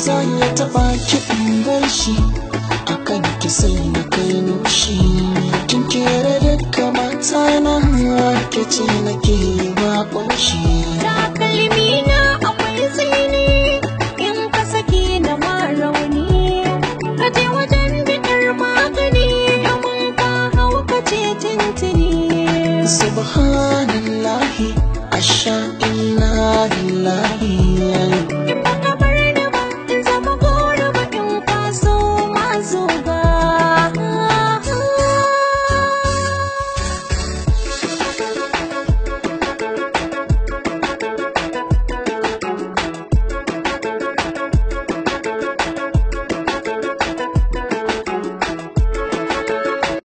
Zan yi taba ki in bar shi akan ki na kai nushi kin kere da kamata na ke ce nake ba kunshi takalmi na akwai tsini in ka saki na ma rauni ka je wajen bidar magani domin ka hau ka ce tintini subhanallahi asha inna lillahi